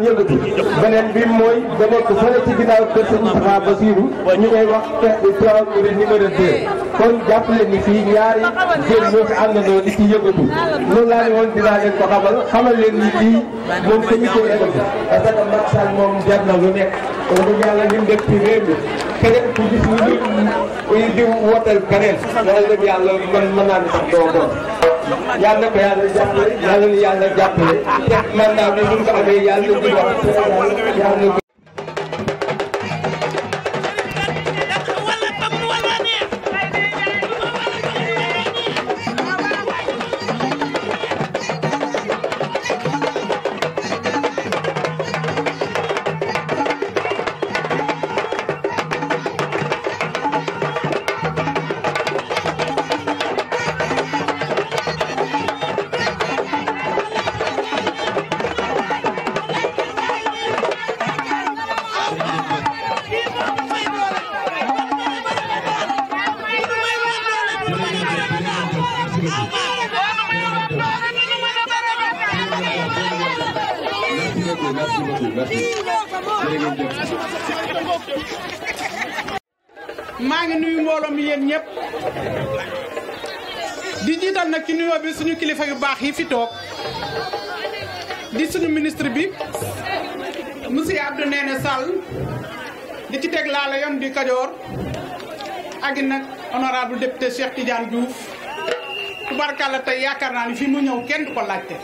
doon yëngatu benen bi moy da nek fele ci ginaaw kër sëñ Moustapha Basirou ñu koy wax te taw ni numéro 2 kon japp leen ni fii ñaari jël ñoo fi àndandoo di ci yëngatu la laa won woon la leen ko xamal xamal leen ni lii moom comité école parce que Macky Sall moom jar na lu nek wax dëgg yalla ñu def ci réew mi keneen ku gis ni ñu di wotal keneen wax dëgg yalla kon mëna naa ne sax doo ko yàlla ko yàlla jàppale yàlla na yàlla jàppale. man daal bi ñu ko amee yàlla nañu ko merci nuyu mbooloo mi yéen ñëpp di jiital nag bi suñu kilifa yu yi fi di suñu ministre bi monsieur Abdou Néné Sall di ci teg laa la di ak honorable député Cheikh Tidiane Diouf tubarkalla tey yaakaar naa ni fi mu ñëw kenn du ko laajte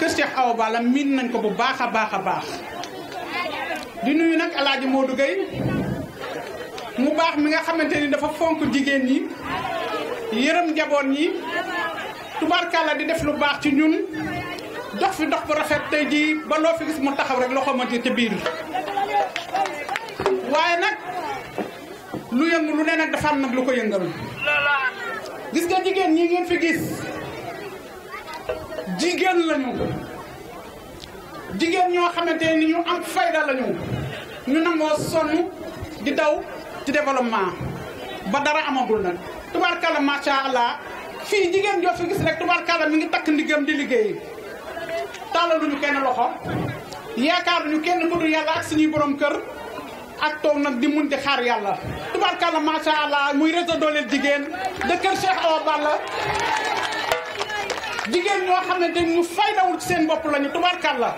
kër Cheikh Awa Balla miin nañ ko bu baax a baax a baax di nuyu nag El Hadj Modou mu baax mi nga xamante ni dafa fonk jigéen ñi yërëm njaboot yi tubarkalla di def lu baax ci ñun dox fi dox bu rafet tey jii ba loo fi gis mu taxaw rek loxo ma ci biir waaye nag. lu yëngu lu ne nag dafa am nag lu ko yëngal gis nga jigéen ñii ngeen fi gis jigéen lañu jigéen ñoo xamante ni ñu am fayda lañu ñu nangoo sonn di daw ci développement ba dara amagul nag tubaarkalla macha allah fii jigéen joo fi gis rek tubaarkalla mi ngi takk ndigam di liggéey tàllaluñu kenn loxo yaakaar kenn ku dul yàlla ak suñuy borom kër. ak toog nag di mun di xaar yàlla tubarkalla macha allah muy réseau dooleel jigéen de kër Cheikh Awa Balla jigéen ñoo xam ne dañ ñu faydawul seen bopp lañu tubarkalla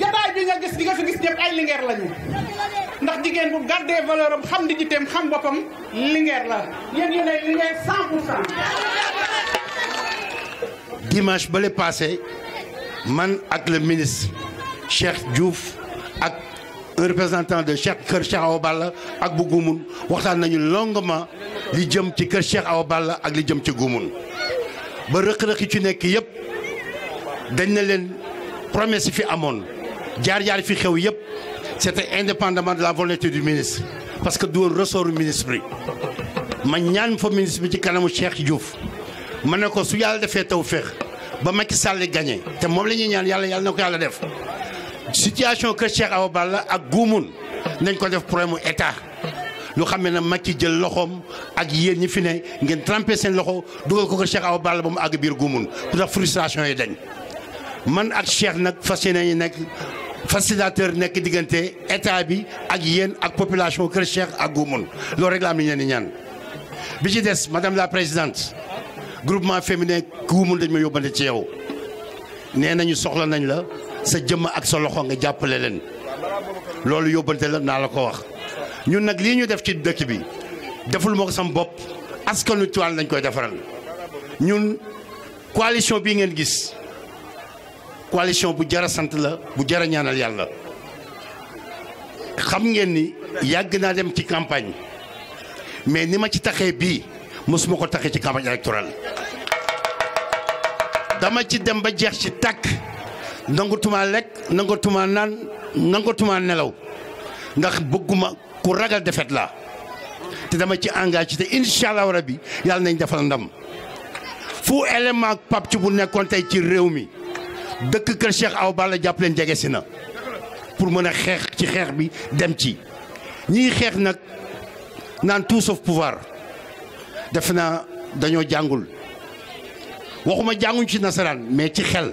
jataay bi nga gis di fi gis ñëpp ay lingeer lañu ndax jigéen bu gardee valeur am xam di jiteem xam boppam lingeer la yéen yéenay lingeer ba le passé man ak le ministre Cheikh Diouf représentant de chaque cœur Cheikh Awa ak bu Goumoun waxtan nañu longuement li jëm ci Kër Cheikh Awa ak li jëm ci Goumoun ba rek rek ci nekk yeb dañ na len promesse fi amone jaar-jaar fi xew yeb c'était indépendamment de la volonté du ministre parce que du ressort ressort ministre bi ma ñaan fa ministre bi ci kanamu Cheikh Diouf mané ko su yalla defé tawfiq ba Macky Sall gagné té mom la ñaan yalla yalla nako yalla def situation kër Cheikh Awa la ak guumun nañ ko def problème mu état lu xam ne na ci jël loxoom ak yéen ñi fi ne ngeen trempé seen loxo dugal ko kër Cheikh Awa Balla ba mu àgg biir guumun pour tax frustration yi dañ man ak Cheikh nag fas yéene nañu nekk facilitateur nekk diggante état bi ak yéen ak population kër Cheikh ak guumun loolu rek am li ñeen ñaan bi ci des madame la présidente groupement féminin guumun dañ ma yóbbante ci yow nee nañu soxla nañ la sa jëm ak sa loxo nga jàppale len lolou yobante la na la ko wax ñun nak li ñu def ci dëkk bi deful moko sam bop askanu Tiwaawan nañ koy defaral ñun coalition bi ngeen gis coalition bu jara sant la bu jara ñaanal yalla xam ngeen ni yag na dem ci campagne mais ni ma ci taxé bi musuma ko taxé ci campagne électorale dama ci dem ba jeex ci tak nangatuma lekk nangatuma naan nangatuma nelaw ndax bëgguma ku ragal defet la te dama ci engagé te incha allahu bi yàlla nañ defal ndam fu élément pap ci bu nekkoon tey ci réew mi dëkk kër Cheikh aw Balla jàpp leen jege si na pour mën a xeex ci xeex bi dem ci ñiy xeex nag naan tout sauf pouvoir def na dañoo jàngul waxuma jànguñ ci nasaraan mais ci xel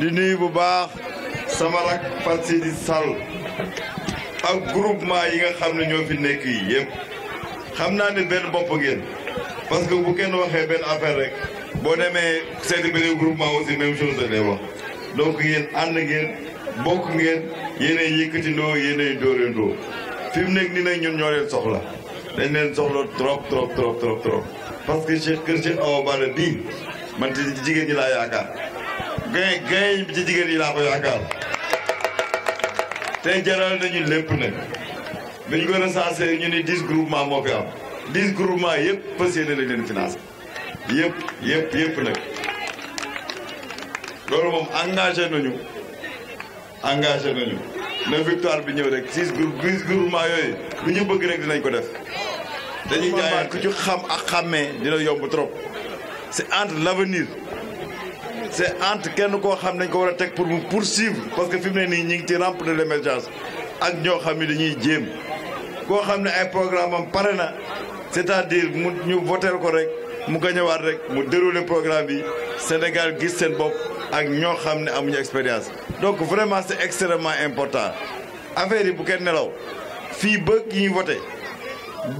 di nuyu bu baax sama rak Pape Sidi Sall ak groupement yi nga xam ne ñoo fi nekk yi yëpp xam naa ne benn bopp ngeen parce que bu kenn waxee benn affaire rek boo demee seeti beneen groupement aussi même chose la day wax donc yéen ànd ngeen bokk ngeen yéenay yëkkatindoo yéenay dóorandoo fi mu nekk nii nag ñun ñoo soxla dañ leen soxla trop trop trop trop trop parce que Cheikh kër Cheikh Awa Balla bii man ci jigéen ñi laa yaakaar. gain gain bi ci jigéen yi laa ko yaakaar tey jaral nañu lépp nag bi ñu ko recensé ñu ni dix groupement moo fi am dix groupement yëpp fas yéene lañ leen finance yëpp yëpp yëpp nag moom engagé nañu engagé nañu na victoire bi ñëw rek six groupe six groupement yooyu lu ñu bëgg rek dinañ ko def dañuy jaayaat ku ci xam ak xàmmee dina yomb trop c'est entre l'avenir c'est entre kenn koo xam nañ ko war pour mu poursuivre parce que finalement mu ne nii ñi ngi ci rampe de l'émergence ak ñoo xam dañuy jéem koo xam ay programme am paréna, c'est-à-dire mu ñu correct, ko rek mu gañëwaat rek mu dérouler programme bi Sénégal gis seen bopp ak a xam ne expérience donc vraiment c'est extrêmement important affaire yi bu kenn nelaw fii ba ñuy voté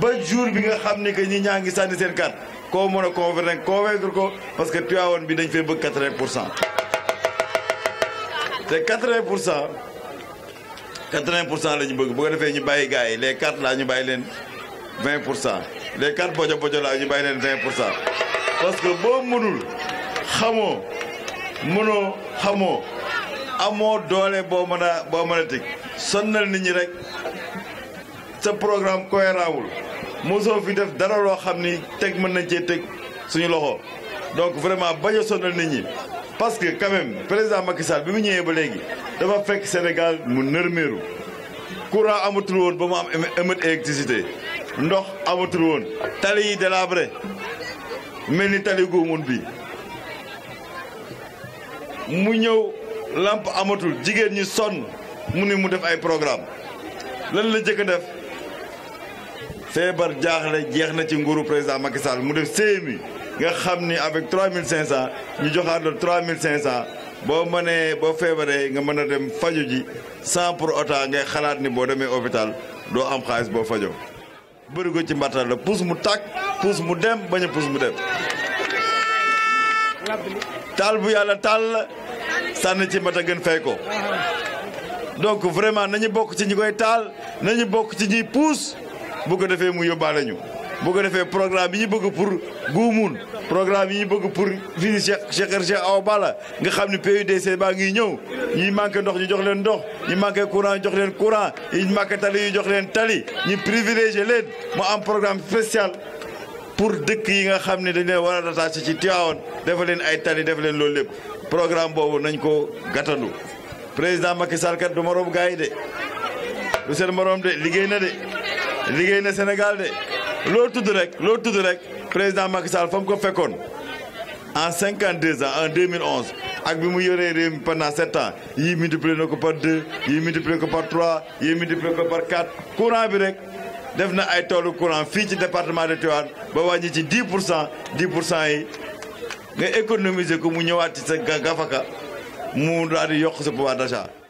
ba jour bi nga xam ne que ñi ñaa ngi sànni carte koo mën a convaincre convaincre ko parce que Tivaouane bi dañ fee bëgg 80 pour cent te 80 pour cent 80 pour cent la ñu bëgg bu ko defee ñu bàyyi gars yi les cartes là ñu bàyyi leen 20 pour cent les cartes bojo bojo là ñu bàyyi leen pour cent parce que boo mënul xamoo mënoo xamoo amoo doole boo mën a boo mën a tëj sonnal nit ñi rek sa programme cohérent wul mosoo fi def dara lo xamni tek teg mën nañ cee suñu loxo donc vraiment baña sonal nit ñi parce que quand même président Macky Sall bi mu ñëwé ba légui dafa fekk Sénégal mu courant amatul won ba mu am émet électricité ndox amatul won tali yi délabré mel tali góomun bi mu ñëw lamp amatul jigéen ñi son mu ni mu def ay programme lan la jëk def feebar jaaxle jeex na ci nguuru président Macky Sall mu def CMU nga xam ni avec 3500 ñu joxaat la 3500 boo mënee boo feebaree nga mën a dem faju ji sans pour autant ngay xalaat ni boo demee hôpital doo am xaalis boo fajo bëri ko ci mbattal la puus mu tàkk puus mu dem bañ a puus mu dem. taal bu yàlla taal la sànni ci mbata gën fay ko. donc vraiment nañu bokk ci ñi koy taal nañu bokk ci ñuy puus. bu ko defee mu yóbbaale ñu bu ko defee programme yi ñu bëgg pour Goumoun programme yi ñu bëgg pour fii Cheikh Cheikh Cheikh nga xam ne PUDC baa ngi ñëw ñi manqué ndox ñu jox leen ndox ñi manqué courant ñu jox leen courant ñi manqué tali ñu jox leen tali ñu privilégié leen mu am programme spécial pour dëkk yi nga xam ne dañ leen war a rattaché ci Tivaouane dafa leen ay tali def leen loolu lépp programme boobu nañ ko gàttandu président Macky Sall kat du morom gars de du seen morom de liggéey na Sénégal de loo tudd rek loo tudd rek président Macky Sall fa mu ko fekkoon en 52 ans en 2011 ak bi mu yoree réew mi pendant sept ans yii multiplié na ko par deux yii multiplié ko par trois yii multiplié ko courant bi rek def na ay toolu courant fii ci département de Tivaouane ba wàññi ci 10 pour cent 10 pour cent yi nga économiser ko mu ñëwaat ci sa gafaka mu daal di yokk sa pouvoir d'achat